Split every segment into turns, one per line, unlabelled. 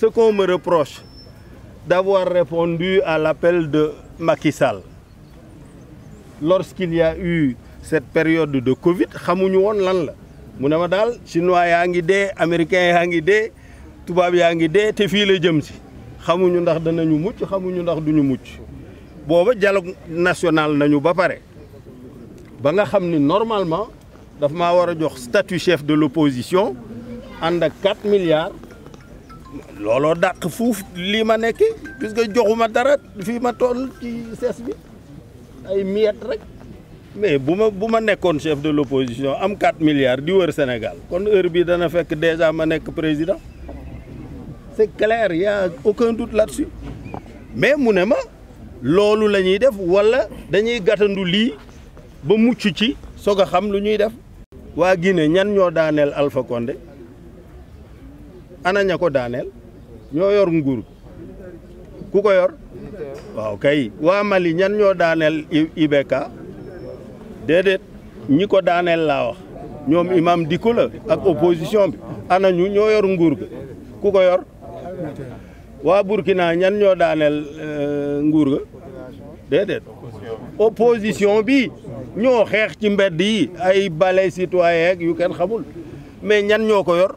ce qu'on me reproche d'avoir répondu à l'appel de Macky Sall lorsqu'il y a eu cette période de Covid xamuñu woon lan la mu ne ma daal chinois yaa ngi dee américains yaa ngi dee tubaab yaa ngi là te fii la jëm si xamuñu ndax danañu mucc xamuñu ndax duñu mucc dialogue national nañu ba pare ba nga normalement daf maa avoir jox statut chef de l'opposition de ak 4 milliards lolo dak fouf li ma nekki puisque joxuma dara fi ma toll ci ses bi ay miettes rek mais buma buma nekkon chef de l'opposition am 4 milliards di wër Sénégal kon heure bi dana fekk déjà ma nekk président c'est clair y a aucun doute là-dessus mais mu lolu lañuy def wala dañuy gàttandu li ba muccu ci soga xam lu ñuy def wa Guinée ñan ñoo daanel Alpha Condé ana ña ko daaneel ñoo yor nguur ku ko yor waaw kay waa Mali ñan ñoo daaneel IBK déedéet ñi ko daaneel laa wax ñoom imam dikku la ak opposition ana ñu ñoo yor nguur ga ku ko yor waa Burkina ñan ñoo daaneel euh, nguur ga déedéet opposition bi ñoo xeex ci mbedd yi ay balai citoyen ak yu kenn ñan ñoo ko yor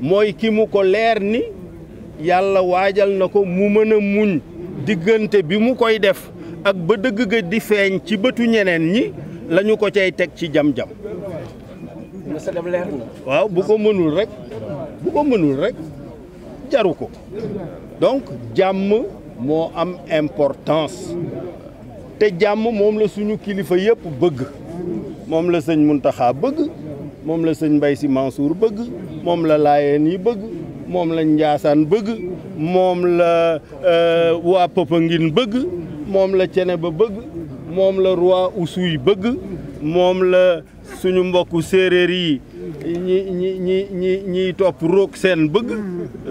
mooy ki mu ko leer ni yàlla waajal na ko mu mën a muñ diggante bi mu koy def ak ba dëgg ga di feeñ ci bëtu ñeneen ñi lañu ko cay teg ci jam-jam waaw bu mënul rek bu mënul rek jaru ko donc jàmm moo am importance te jàmm moom la suñu kilifa yëpp bëgg moom la sëñ Muntaxa bëgg moom la sëñ Mbaye Sy Mansour bëgg moom la laayeen yi bëgg moom la njaasaan bëgg moom la euh, waa Popenguine bëgg moom la Ceneba bëgg moom la roi Oussouye bëgg moom la suñu mbokku séeréer yi ñi ñi ñi ñi ñiy topp roog seen bëgg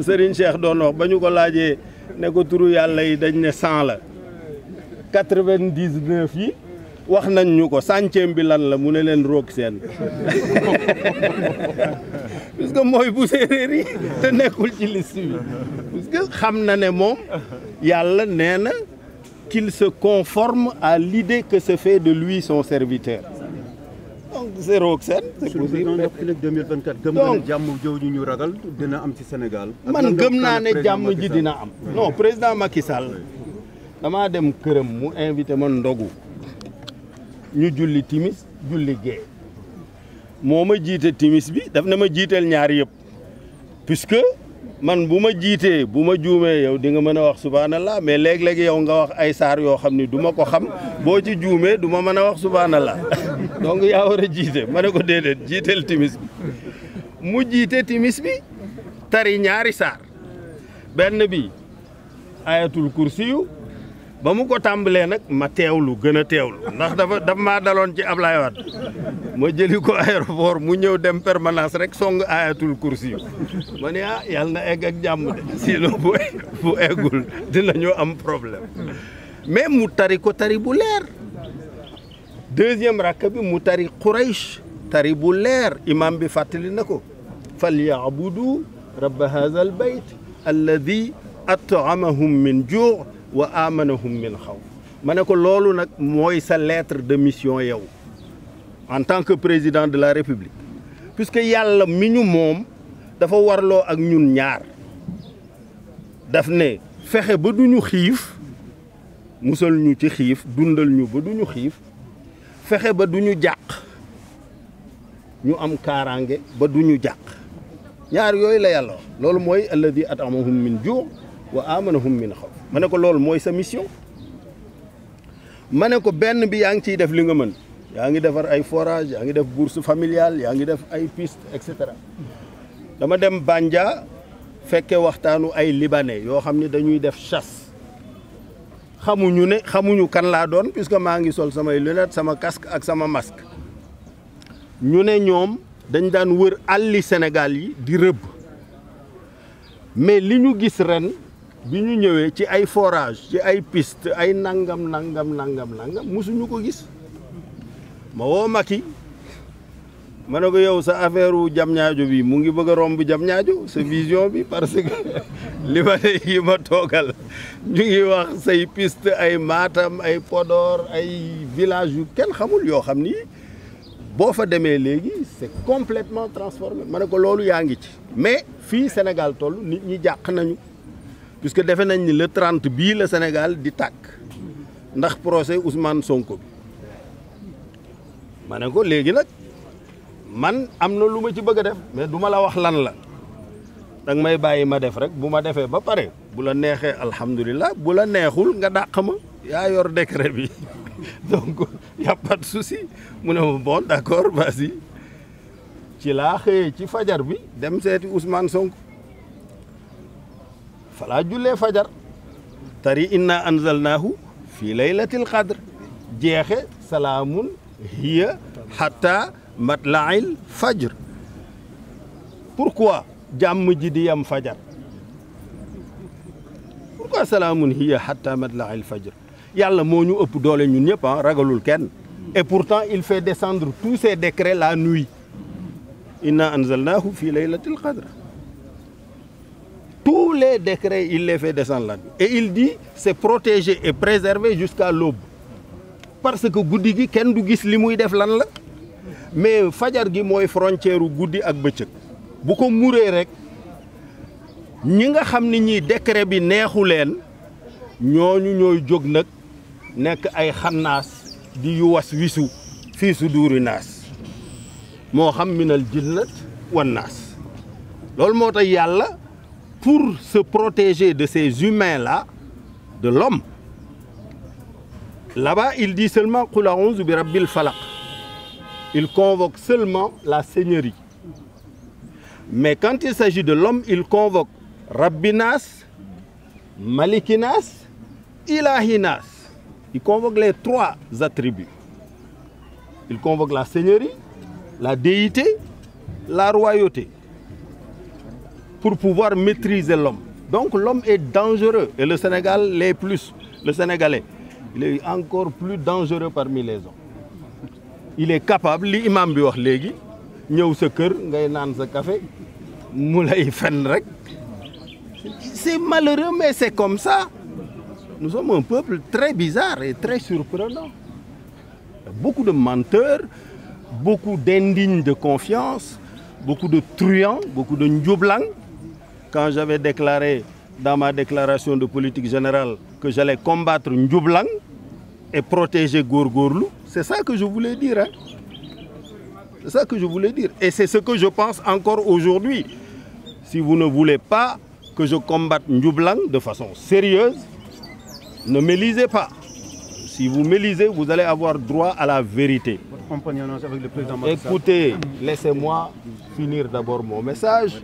Serigne Cheikh doon wax ba ñu ko laajee ne ko turu yàlla yi dañ ne cent la quatre-vingt-dix-neuf yi wax nañ ñu ko bi lan la mu ne leen roog seen parce que mooy bu séeréer yi te nekkul ci liste bi parce que xam na ne moom yàlla nee na qu'il se conforme à l'idée que se fait de lui son serviteur donc c'est roog seen c'est possible nag 2024 gëm nga ne jàmm ñu ragal dina am ci Sénégal man gëm naa ne jàmm ji dina am non président Macky Sall damaa dem këram mu invité ma ndogu ñu julli timis julli gee moo ma jiite timis bi daf na ma jiiteel ñaar yëpp puisque man bu ma jiitee bu ma juumee yow di nga mën a wax subhanallah mais léeg-léeg yow nga wax ay saar yoo xam ni du ma ko xam boo ci juumee du ma mën a wax subhanallah donc yaa war a jiite ma ne ko déedéet jiiteel timis bi mu jiite timis bi tari ñaari saar benn bi ayatul kursiyu ba mu ko tàmbalee nag ma teewlu gën a teewlu ndax dafa dafa maa daloon ci Ablaye Wade ma jëli ko aéroport mu ñëw dem permanence rek song ayatul kursi yu ma ne ah yàlla na egg ak jàmm de sinon bu bu eggul dinañu am problème mais mu tari ko tari bu leer deuxième rakk mu tari Quraysh tari bu leer imam bi fàttali na ko falyabudu rabba hadha al bayt alladi at'amahum min juu' wa amanahum min sa lettre de mission yow en tant que président de la république puisque yalla miñu mom dafa warlo ak ñun ñaar daf ne fexé ba duñu musul ñu ci dundal ñu ba duñu fexé ba ñu am wa amanuhum min khawf mané ko moy sa mission mané ko benn bi yaang ci def li nga man yaangi defar ay forage yaangi def bourse familiale yaangi def ay piste etc dama dem banja fekke waxtanu ay libanais yo xamni dañuy def chasse xamuñu ne xamuñu kan la doon puisque ma ngi sol sama lunette sama casque ak sama masque ñu ne ñom dañ daan wër ali sénégal yi di reub mais liñu gis ren biñu ñëwé ci forage ci ay piste ay nangam nangam nangam nangam musuñu ko gis ma sa sa vision bi parce que li ma Matam ay Podor ay kenn xamul ni c'est complètement transformé mais Sénégal puisque défé nañ ni le 30 bi le Sénégal di tak ndax procès Ousmane Sonko man amna luma ci bëgg def mais duma la wax lan la danga may bayyi ma def rek buma défé ba pare bu la neexee alhamdulilah bu la neexul nga dakama ya yor décret bi donc y a pas de souci mune bon d'accord vas-y ci la xé ci fajar bi dem séti Ousmane Sonko فلا جولي فجر تري إنا أنزلناه في ليلة القدر جيخي سلام هي حتى مطلع الفجر بوركوا جام جديم فجر بوركوا سلام هي حتى مطلع الفجر يالا مونيو أب دولي نيو نيبا آه، رغلول كن Et pourtant, il fait descendre tous ses décrets la nuit. Inna anzalnahu fi laylatil qadr. Tous les décrets, il les fait descendre là Et il dit, c'est protégé et préservé jusqu'à l'aube. Parce que guddi Ken kenn du gis def lan mais fajar gi mooy frontière u guddi ak bëccëg bu ko muree rek ñi nga ni décret bi neexu leen ñooñu ñooy jóg nag nekk ay xannaas di yu was wisu fii su duuri naas xam jinnat wan nas lol motay yalla pour se protéger de ces humains-là, de l'homme, là-bas, il dit seulement Falak. Il convoque seulement la seigneurie. Mais quand il s'agit de l'homme, il convoque Rabbinas, Malikinas, Ilahinas. Il convoque les trois attributs. Il convoque la seigneurie, la déité, la royauté pour pouvoir maîtriser l'homme. Donc l'homme est dangereux et le Sénégal l'est plus. Le Sénégalais, il est encore plus dangereux parmi les hommes. Il est capable, li bi wax légui, sa café c'est malheureux mais c'est comme ça nous sommes un peuple très bizarre et très surprenant beaucoup de menteurs beaucoup d'indignes de confiance beaucoup de truands beaucoup de njublang quand j'avais déclaré dans ma déclaration de politique générale que j'allais combattre N'Djoublan et protéger Gourgourlou, c'est ça que je voulais dire. Hein. C'est ça que je voulais dire. Et c'est ce que je pense encore aujourd'hui. Si vous ne voulez pas que je combatte N'Djoublan de façon sérieuse, ne m'élisez pas. Si vous me lisez, vous allez avoir droit à la vérité. Écoutez, laissez-moi finir d'abord mon message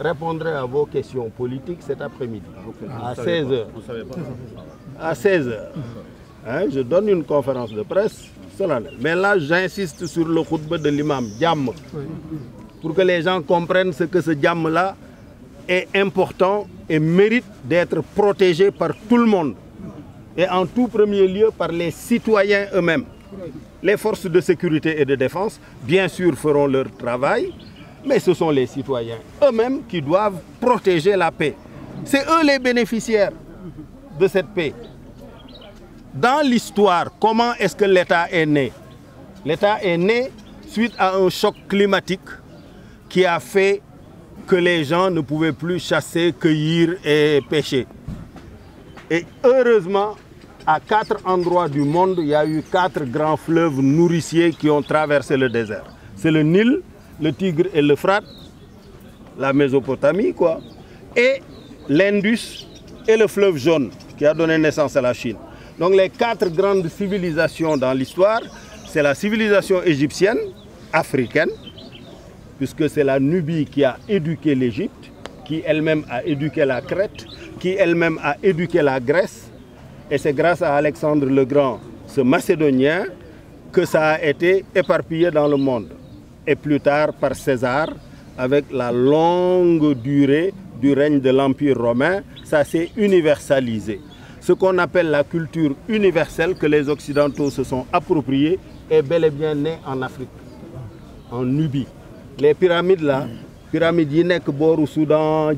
répondrai à vos questions politiques cet après-midi, à 16h. À 16h. Hein, je donne une conférence de presse Mais là, j'insiste sur le khutba de l'imam Diam, pour que les gens comprennent ce que ce djam là est important et mérite d'être protégé par tout le monde. Et en tout premier lieu par les citoyens eux-mêmes. Les forces de sécurité et de défense, bien sûr, feront leur travail, mais ce sont les citoyens eux-mêmes qui doivent protéger la paix. C'est eux les bénéficiaires de cette paix. Dans l'histoire, comment est-ce que l'État est né L'État est né suite à un choc climatique qui a fait que les gens ne pouvaient plus chasser, cueillir et pêcher. Et heureusement, à quatre endroits du monde, il y a eu quatre grands fleuves nourriciers qui ont traversé le désert. C'est le Nil, le Tigre et l'Euphrate, la Mésopotamie, quoi, et l'Indus et le fleuve jaune qui a donné naissance à la Chine. Donc les quatre grandes civilisations dans l'histoire, c'est la civilisation égyptienne, africaine, puisque c'est la Nubie qui a éduqué l'Égypte, qui elle-même a éduqué la Crète, qui elle-même a éduqué la Grèce. Et c'est grâce à Alexandre le Grand, ce Macédonien, que ça a été éparpillé dans le monde et plus tard par César, avec la longue durée du règne de l'Empire romain, ça s'est universalisé. Ce qu'on appelle la culture universelle que les Occidentaux se sont appropriés est bel et bien né en Afrique, en Nubie. Les pyramides là, pyramides yi bor Soudan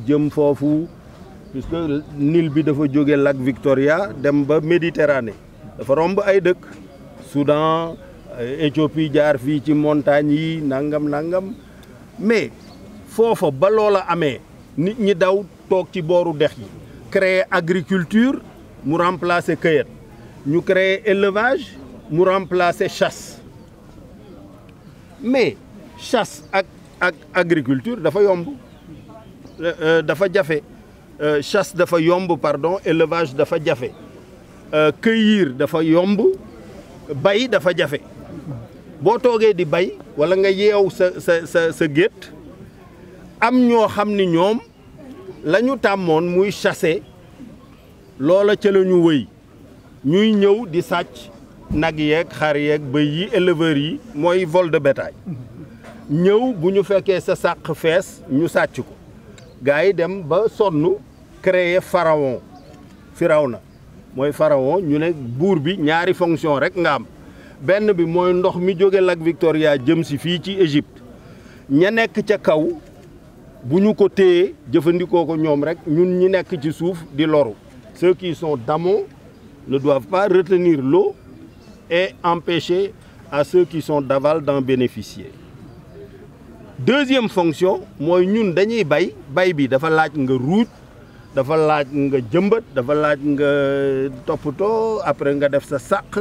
puisque Nil bi dafa lac Victoria dem Méditerranée dafa romb Soudan Éthiopie jaar fii ci montagne yi nangam nangam mais foofa ba loola amee nit ñi daw toog ci dex créer agriculture mu remplacer cueillette ñu créer élevage mu remplacer chasse mais chasse ak ak agriculture dafa yomb euh, euh, dafa jafe euh, chasse dafa yomb pardon élevage dafa jafe cueillir dafa yomb bay dafa jafe boo toogee di bay walla nga yeew sa sa sa sa gétt am ñoo xam ni ñoom la ñu tàmmoon muy chasser loola ca la ñu wëy ñuy ñëw di sàcc nag yeeg xar yeeg bëy yi éleveurs yi mooy vol de bétail ñëw bu ñu fekkee sa sàq fees ñu sàcc ko gars yi dem ba sonn créer pharaon firaw na mooy pharaon ñu ne buur bi ñaari fonction rek nga am benn bi mooy ndox mi jóge Lac Victoria jëm si fii ci Égypte ña nekk ca kaw bu ñu ko téyee jëfandikoo ko ñoom rek ñun ñi nekk ci suuf di loru ceux qui sont d'amont ne doivent pas retenir l'eau et empêcher à ceux qui sont d'aval d'en bénéficier deuxième fonction mooy ñun dañuy bay bay bi dafa laaj nga ruuj dafa laaj nga jëmbat dafa laaj nga toppatoo après nga def sa sac.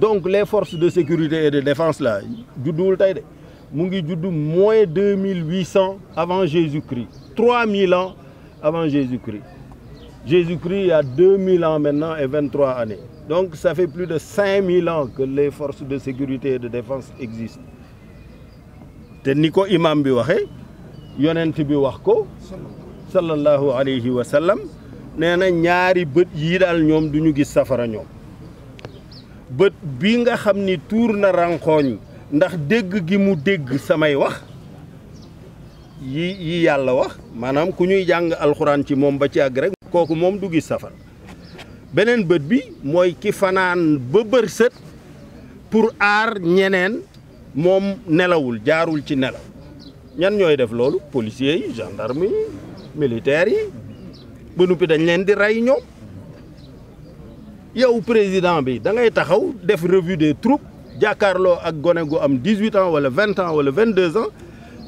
Donc les forces de sécurité et de défense là, Djoudou moins de moins 2800 avant Jésus-Christ, 3000 ans avant Jésus-Christ. Jésus-Christ a 2000 ans maintenant et 23 années. Donc ça fait plus de 5000 ans que les forces de sécurité et de défense existent. sallallahu alayhi wa sallam, qui ont bët bi nga xam ni tuur na rànkooñ ndax dégg gi mu dégg samay wax yi yi yàlla wax maanaam ku ñuy jàng alxuraan ci moom ba ci àgg rek kooku moom du gis safar beneen bët bi mooy ki fanaan ba bërsët pour aar ñeneen moom nelawul jaarul ci nelaw ñan ñooy def loolu policiers yi gendarme yi militaires yi ba noppi dañ leen di rey ñoom Yow, président, tu as fait une revue des troupes. Diakarlo et Gonégo ont 18 ans, ou 20 ans, ou 22 ans.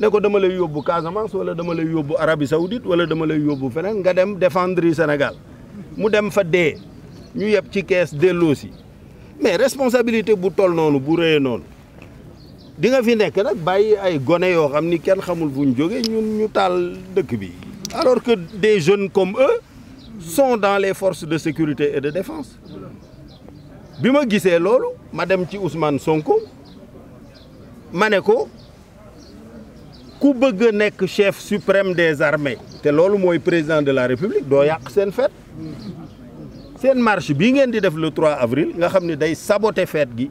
Je vais aller au Casamance, ou aller au Arabie Saoudite, ou aller au Fénin. Je vais défendre le Sénégal. Je vais faire des. Nous avons des caisses de l'eau Mais la responsabilité est pour tout le monde, pour tout le monde. Il y a des gens qui ont fait des gens qui ont fait des gens qui Alors que des jeunes comme eux, sont dans les forces de sécurité et de défense Bima ma Madame madame ma ci Ousmane Sonko Maneko, chef suprême des armées té loolu moy président de la république do yàq sen fête marche bi ngeen di le 3 avril nga xamni day saboter fête gi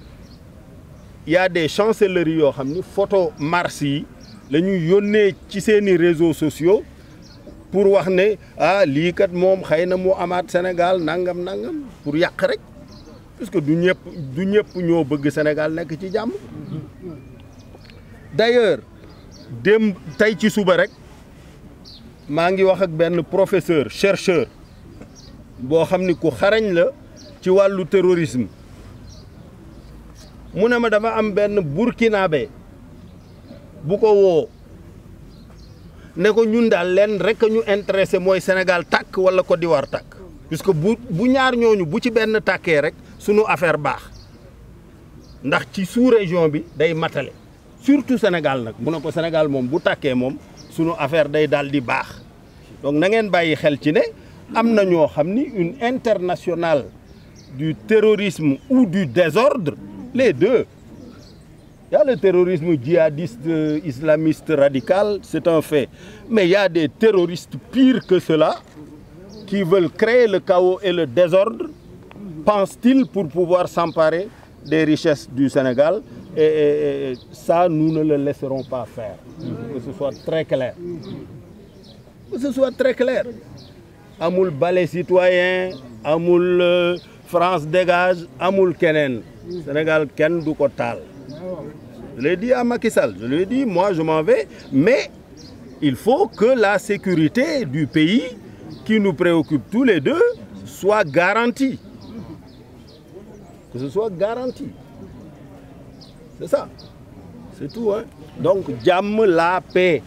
y a des chancelleries yo xamni photo marsi lañu la ci seeni réseaux sociaux pour wax né ah lii kat moom xëy mu Sénégal nangam nangam pour yak rek puisque du ñepp du ñepp ñoo bëgg Sénégal nek ci jamm d'ailleurs dem tay ci suba rek ma ngi wax ak ben professeur chercheur bo xamni ku xarañ la ci walu terrorisme muna ne ma dafa am benn burkinabé bu ko woo ne ko ñun daal leen rek ñu intéressé Sénégal wala Côte d'Ivoire puisque bu bu ñaar ñooñu bu ci benn tàkkee rek sunu affaire baax ndax ci sous-région bi day matale surtout Sénégal nag mu ne ko Sénégal moom bu tàkkee moom sunu affaire day daal di donc na ngeen bàyyi xel ci ne am na ñoo une internationale du terrorisme ou du désordre les deux. Il y a le terrorisme djihadiste euh, islamiste radical, c'est un fait. Mais il y a des terroristes pires que cela qui veulent créer le chaos et le désordre, pensent-ils, pour pouvoir s'emparer des richesses du Sénégal. Et, ça, nous ne le laisserons pas faire. Que ce soit très clair. Que ce soit très clair. Amoul les Citoyen, Amoul euh, France Dégage, Amoul Kenen. Sénégal, Ken Doukotal. Je l'ai dit à Macky Sall, je lui ai dit, moi je m'en vais, mais il faut que la sécurité du pays, qui nous préoccupe tous les deux, soit garantie. Que ce soit garanti C'est ça. C'est tout. Hein. Donc, j'aime la paix,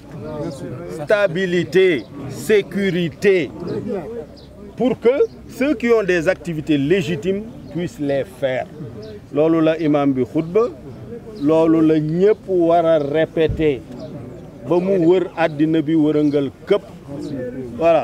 stabilité, sécurité, pour que ceux qui ont des activités légitimes puissent les faire. loolu la imam bi xutba loolu la ñëpp war a répété ba mu wër àddina bi wërëngal këpp voilà